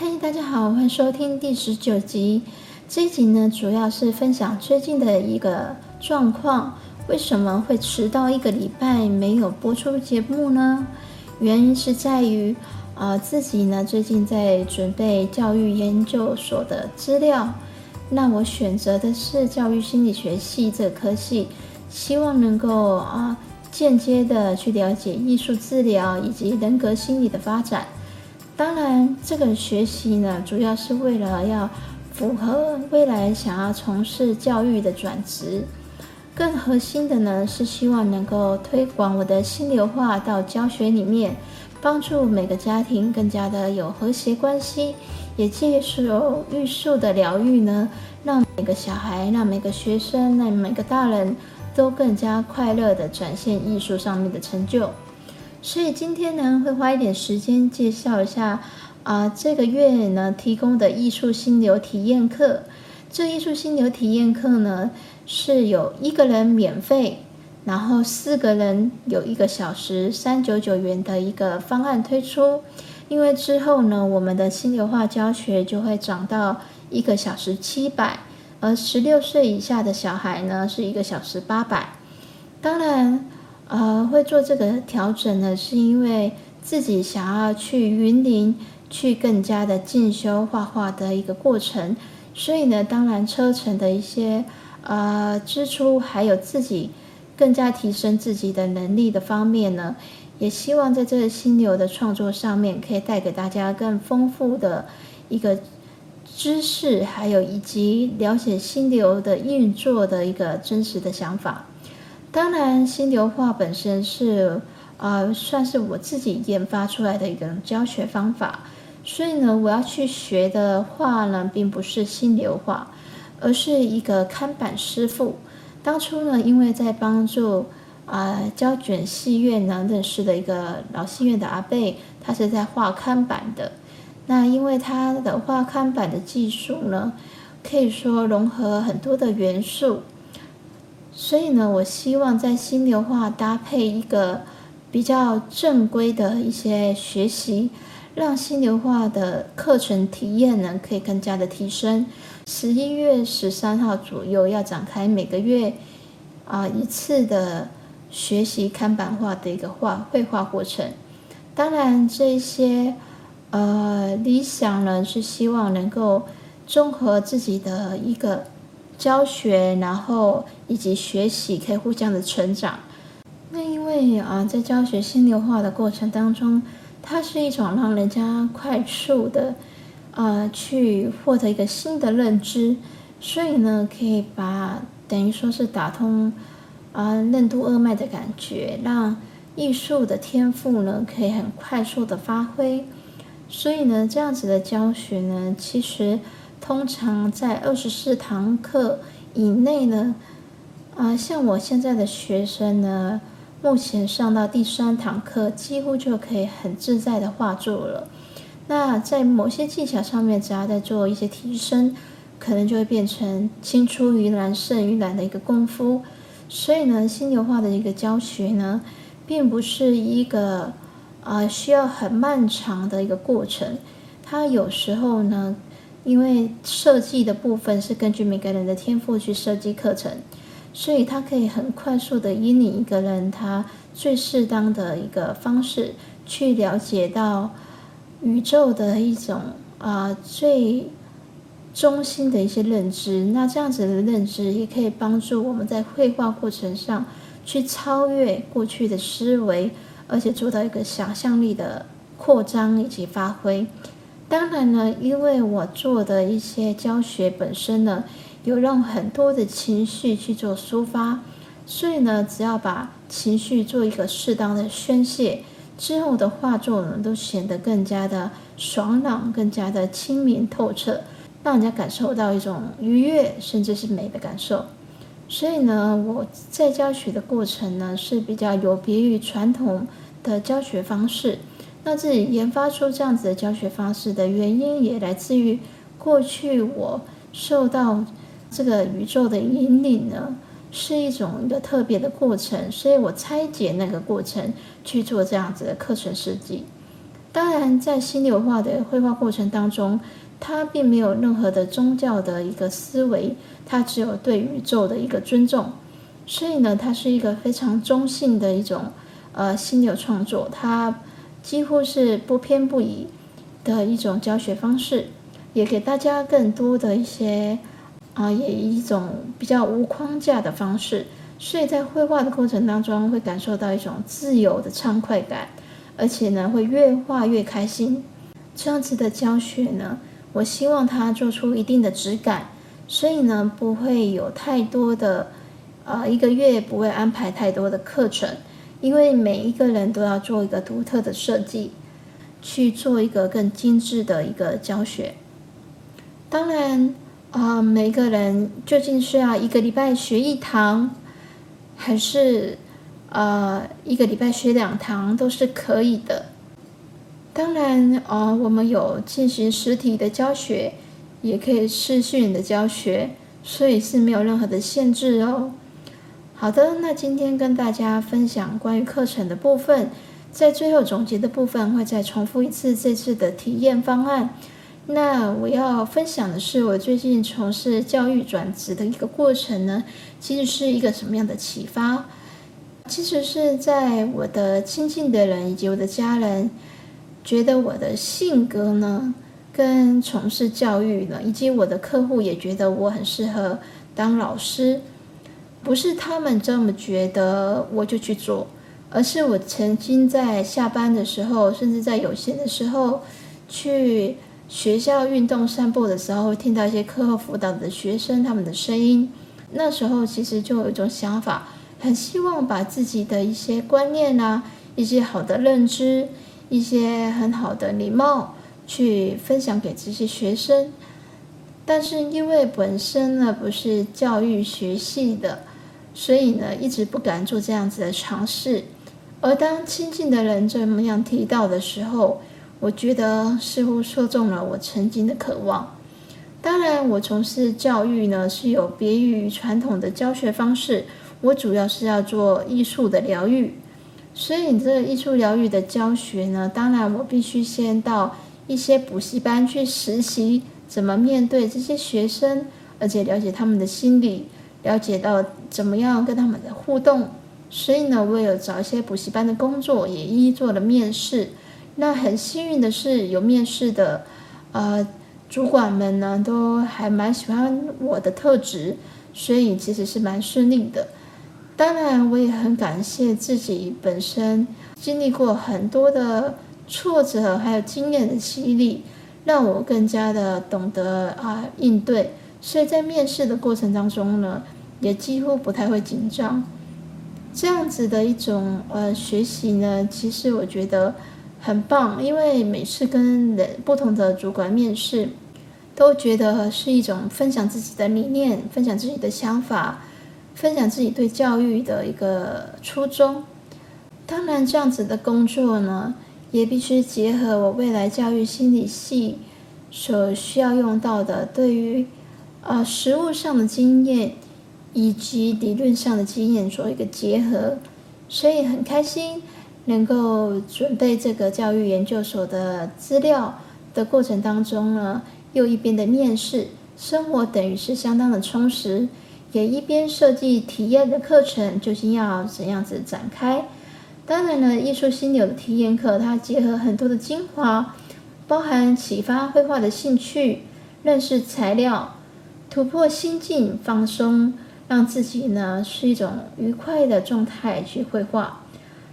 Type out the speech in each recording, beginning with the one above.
嗨，大家好，歡迎收聽第十九集。這一集呢，主要是分享最近的一個狀況。為什麼會遲到一個禮拜沒有播出節目呢？原因是在於，呃，自己呢最近在準備教育研究所的資料。那我選擇的是教育心理學系這科系，希望能夠啊，呃，間接的去了解藝術治療以及人格心理的發展。當然，這個學習呢，主要是為了要符合未來想要從事教育的轉職。更核心的呢，是希望能夠推廣我的心流畫到教學裡面，幫助每個家庭更加的有和諧關係，也藉由藝術的療癒呢，讓每個小孩、讓每個學生、讓每個大人都更加快樂的展現藝術上面的成就。所以今天呢，會花一點時間介紹一下，啊、呃，這個月呢，提供的藝術心流體驗課，這藝術心流體驗課呢是有一個人免費，然後四個人有一個小時三九九元的一個方案推出，因為之後呢，我們的心流畫教學就會漲到一個小時七百，而十六歲以下的小孩呢是一個小時八百，當然。呃，會做這個調整呢，是因為自己想要去雲林，去更加的進修畫畫的一個過程。所以呢，當然車程的一些呃支出，還有自己更加提升自己的能力的方面呢，也希望在這個心流的創作上面，可以帶給大家更豐富的一個知識，還有以及了解心流的運作的一個真實的想法。當然，心流畫本身是，呃，算是我自己研發出來的一個教學方法。所以呢，我要去學的畫呢，並不是心流畫，而是一個看板師傅。當初呢，因為在幫助啊膠卷戲院呢認識的一個老戲院的阿伯，他是在畫看板的。那因為他的畫看板的技術呢，可以說融合很多的元素。所以呢，我希望在心流畫搭配一個比較正規的一些學習，讓心流畫的課程體驗呢可以更加的提升。十一月十三號左右要展開每個月啊、呃、一次的學習看板畫的一個畫繪畫過程。當然這，這些呃理想呢是希望能夠綜合自己的一個。教學，然後以及學習可以互相的成長。那因為啊，在教學心流畫的過程當中，它是一種讓人家快速的啊、呃、去獲得一個新的認知，所以呢，可以把等於說是打通啊、呃、任督二脈的感覺，讓藝術的天賦呢可以很快速的發揮。所以呢，這樣子的教學呢，其實。通常在二十四堂課以內呢，啊、呃，像我現在的學生呢，目前上到第三堂課，幾乎就可以很自在的畫作了。那在某些技巧上面，只要再做一些提升，可能就會變成青出於藍勝於藍的一個功夫。所以呢，心流畫的一個教學呢，並不是一個啊、呃、需要很漫長的一個過程，它有時候呢。因為設計的部分是根據每個人的天賦去設計課程，所以它可以很快速的引領一個人他最適當的一個方式去了解到宇宙的一種啊，最中心的一些認知。那這樣子的認知也可以幫助我們在繪畫過程上去超越過去的思維，而且做到一個想象力的擴張以及發揮。當然呢，因為我做的一些教學本身呢，有讓很多的情緒去做抒發，所以呢，只要把情緒做一個適當的宣洩之後的畫作呢，都顯得更加的爽朗，更加的清明透徹，讓人家感受到一種愉悅，甚至是美的感受。所以呢，我在教學的過程呢，是比較有別於傳統的教學方式。那自己研發出這樣子的教學方式的原因，也來自於過去我受到這個宇宙的引領呢，是一種一個特別的過程，所以我拆解那個過程去做這樣子的課程設計。當然，在心流畫的繪畫過程當中，它並沒有任何的宗教的一個思維，它只有對宇宙的一個尊重，所以呢，它是一個非常中性的一種呃心流創作，它。幾乎是不偏不倚的一種教學方式，也給大家更多的一些啊、呃，也一種比較無框架的方式，所以在繪畫的過程當中會感受到一種自由的暢快感，而且呢，會越畫越開心。這樣子的教學呢，我希望它做出一定的質感，所以呢，不會有太多的啊、呃、一個月不會安排太多的課程。因為每一個人都要做一個獨特的設計，去做一個更精緻的一個教學。當然，啊、呃，每個人究竟是要一個禮拜學一堂，還是呃一個禮拜學兩堂，都是可以的。當然，呃，我們有進行實體的教學，也可以視訊的教學，所以是沒有任何的限制哦。好的，那今天跟大家分享關於課程的部分，在最後總結的部分會再重複一次這次的體驗方案。那我要分享的是我最近從事教育轉職的一個過程呢，其實是一個什麼樣的啟發？其實是在我的親近的人以及我的家人覺得我的性格呢，跟從事教育呢，以及我的客戶也覺得我很適合當老師。不是他們這麼覺得，我就去做，而是我曾經在下班的時候，甚至在有閒的時候，去學校運動、散步的時候，聽到一些課後輔導的學生他們的聲音。那時候其實就有一種想法，很希望把自己的一些觀念啊，一些好的認知，一些很好的禮貌，去分享給這些學生。但是因為本身呢，不是教育學系的。所以呢，一直不敢做這樣子的嘗試。而當親近的人這麼樣提到的時候，我覺得似乎說中了我曾經的渴望。當然，我從事教育呢，是有別於傳統的教學方式。我主要是要做藝術的療癒，所以這個藝術療癒的教學呢，當然我必須先到一些補習班去實習，怎麼面對這些學生，而且了解他們的心理。了解到怎麼樣跟他們的互動，所以呢，我有找一些補習班的工作，也一一做了面試。那很幸運的是，有面試的，呃，主管們呢都還蠻喜歡我的特質，所以其實是蠻順利的。當然，我也很感謝自己本身經歷過很多的挫折，還有經驗的洗禮，讓我更加的懂得啊、呃、應對。所以在面試的過程當中呢，也幾乎不太會緊張。這樣子的一種呃學習呢，其實我覺得很棒，因為每次跟人不同的主管面試，都覺得是一種分享自己的理念、分享自己的想法、分享自己對教育的一個初衷。當然，這樣子的工作呢，也必須結合我未來教育心理系所需要用到的對於。呃、啊、實物上的經驗以及理論上的經驗做一個結合，所以很開心能夠準備這個教育研究所的資料的過程當中呢，又一邊的面試，生活等於是相當的充實，也一邊設計體驗的課程究竟要怎樣子展開。當然了，藝術心流的體驗課它結合很多的精華，包含啟發繪畫的興趣，認識材料。突破心境放鬆，讓自己呢是一種愉快的狀態去繪畫，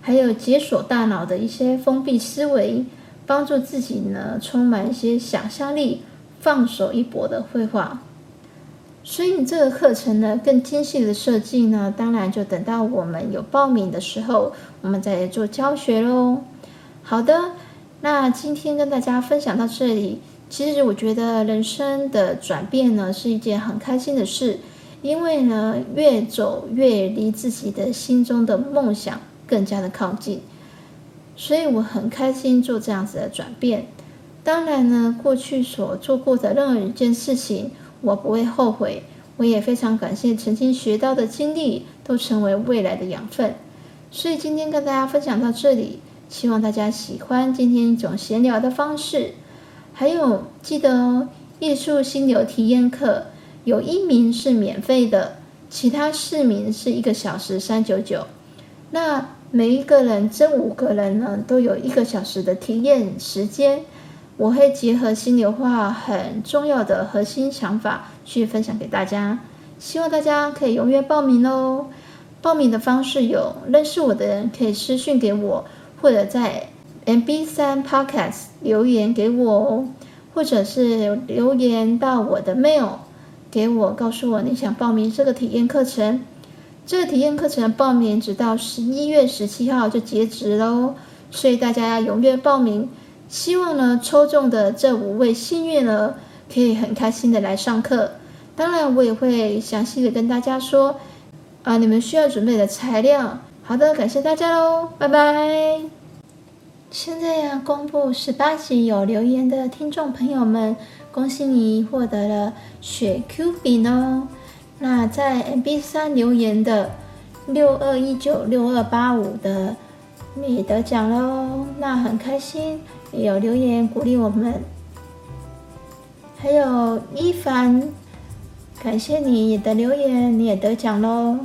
還有解鎖大腦的一些封閉思維，幫助自己呢充滿一些想象力，放手一搏的繪畫。所以你這個課程呢更精細的設計呢，當然就等到我們有報名的時候，我們再來做教學嘍。好的，那今天跟大家分享到這裡。其實我覺得人生的轉變呢是一件很開心的事，因為呢越走越離自己的心中的夢想更加的靠近，所以我很開心做這樣子的轉變。當然呢，過去所做過的任何一件事情，我不會後悔。我也非常感謝曾經學到的經歷，都成為未來的養分。所以今天跟大家分享到這裡，希望大家喜歡今天一種閒聊的方式。還有記得哦，藝術心流體驗課有一名是免費的，其他四名是一個小時三九九。那每一個人，這五個人呢，都有一個小時的體驗時間。我會結合心流畫很重要的核心想法去分享給大家，希望大家可以踴躍報名哦。報名的方式有，認識我的人可以私訊給我，或者在。MB3 Podcast 留言給我哦，或者是留言到我的 mail，給我，告訴我你想報名這個體驗課程。這個體驗課程報名直到十一月十七號就截止嘍，所以大家要踴躍報名。希望呢，抽中的這五位幸運兒可以很開心的來上課。當然我也會詳細的跟大家說啊，你們需要準備的材料。好的，感謝大家嘍，拜拜。現在要公布十八集有留言的聽眾朋友們，恭喜你獲得了雪 Q 餅哦！那在 MB3 留言的六二一九六二八五的，你也得獎嘍，那很開心，有留言鼓勵我們。還有一凡，感謝你的留言，你也得獎嘍。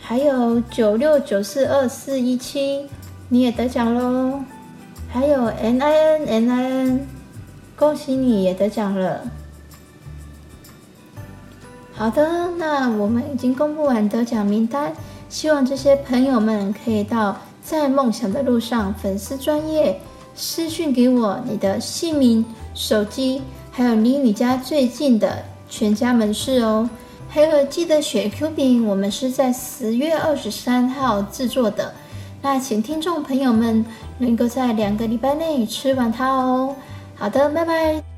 還有九六九四二四一七。你也得獎嘍，還有 N I N N I N，恭喜你也得獎了。好的，那我們已經公布完得獎名單，希望這些朋友們可以到在夢想的路上粉絲專頁私訊給我你的姓名、手機，還有離你，你家最近的全家門市哦。還有，記得雪 Q 餅，我們是在十月二十三號制作的。那請聽眾朋友們能夠在兩個禮拜內吃完它哦。好的，拜拜。